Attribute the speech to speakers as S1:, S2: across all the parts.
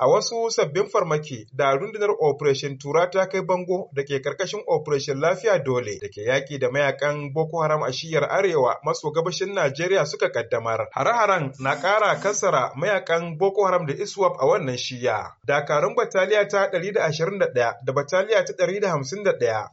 S1: A wasu sabbin farmaki da rundunar Operation Tura ta kai bango da ke karkashin Operation Lafiya Dole da ke yaƙi da mayakan Boko Haram a shiyar Arewa maso gabashin Najeriya suka kaddamar. Hare-haren na ƙara kasara mayakan Boko Haram da ISWAP a wannan shiya. Dakarun bataliya ta 121 da bataliya ta 151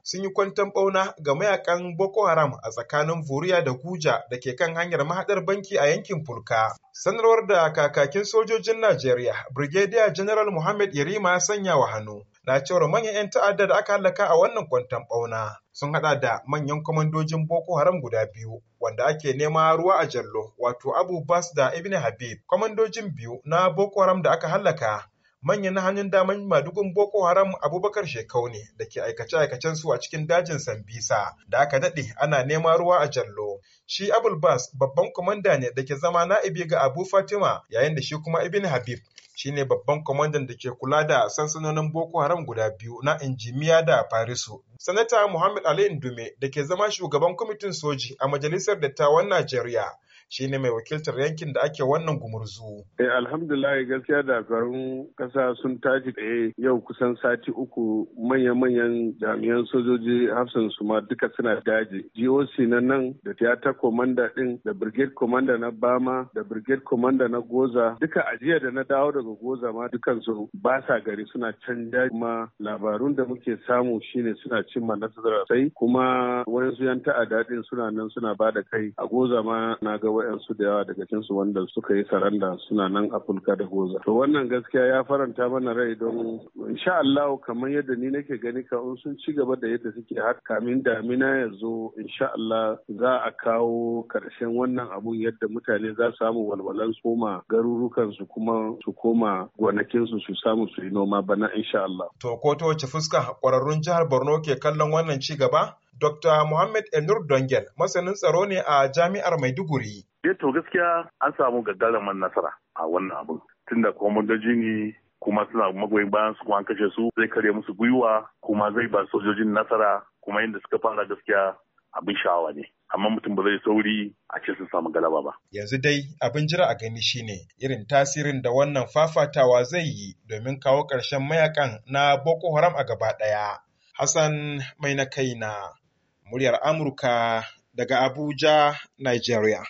S1: sun yi kwantan ɓauna ga mayakan Boko Haram a tsakanin Vuriya da Guja da ke kan hanyar mahaɗar banki a yankin Fulka. Sanarwar da kakakin sojojin Najeriya, Brigadier General Muhammad Yarima ya sanya wa hannu na cewar manyan 'yan ta'adda da aka halaka a wannan kwantan ɓauna sun haɗa da manyan kwamandojin Boko Haram guda biyu wanda ake nema ruwa a jallo wato Abu Bas da Ibn Habib kwamandojin biyu na Boko Haram da aka halaka manyan na hannun daman madugun boko haram abubakar shekau ne da ke aikace-aikacen su a cikin dajin sambisa da aka daɗe ana nema ruwa a jallo shi abul bas babban kwamanda ne da ke zama na'ibi ga abu fatima yayin da shi kuma ibn habib shine babban kwamandan da ke kula da sansanonin boko haram guda biyu na injimiya da farisu sanata muhammad ali indume da ke zama shugaban kwamitin soji a majalisar dattawan najeriya shine mai wakiltar yankin da ake wannan gumurzu.
S2: Eh alhamdulillah gaskiya da garin kasa sun tashi tsaye yau kusan sati uku manya-manyan jami'an sojoji hafsan su ma duka suna daji. GOC na nan da tiyata komanda din da brigade komanda na Bama da brigade komanda na Goza duka ajiya da na dawo daga Goza ma dukan su ba sa gari suna can daji kuma labarun da muke samu shine suna cimma nasara sai kuma wayansu yan ta'adda din suna nan suna ba da kai a Goza ma na ga wayansu da yawa daga cinsu wanda suka yi saranda suna nan a fulka da goza to wannan gaskiya ya faranta mana rai don insha Allah kamar yadda ni nake gani ka sun ci gaba da yadda suke har kamin damina ya zo insha Allah za a kawo karshen wannan abun yadda mutane za su samu walwalan soma garurukan su kuma su koma gonakin su samu su yi noma bana insha Allah
S1: to ko to wace fuska kwararrun jihar Borno ke kallon wannan ci gaba Dr. Muhammad Enur Dongen, masanin tsaro ne a Jami'ar Maiduguri,
S2: Eh, to gaskiya an samu gagarumin nasara a wannan abin tunda kwamandoji ne kuma suna magoyin bayan su kuma an kashe su zai karya musu gwiwa kuma zai ba sojojin nasara kuma yadda suka fara gaskiya abin sha'awa ne amma mutum ba zai sauri a ce sun samu galaba ba.
S1: Yanzu dai abin jira a gani shine irin tasirin da wannan fafatawa zai yi domin kawo ƙarshen mayakan na Boko Haram a gaba ɗaya. Hassan mai na kai na muryar Amurka daga Abuja, Nigeria.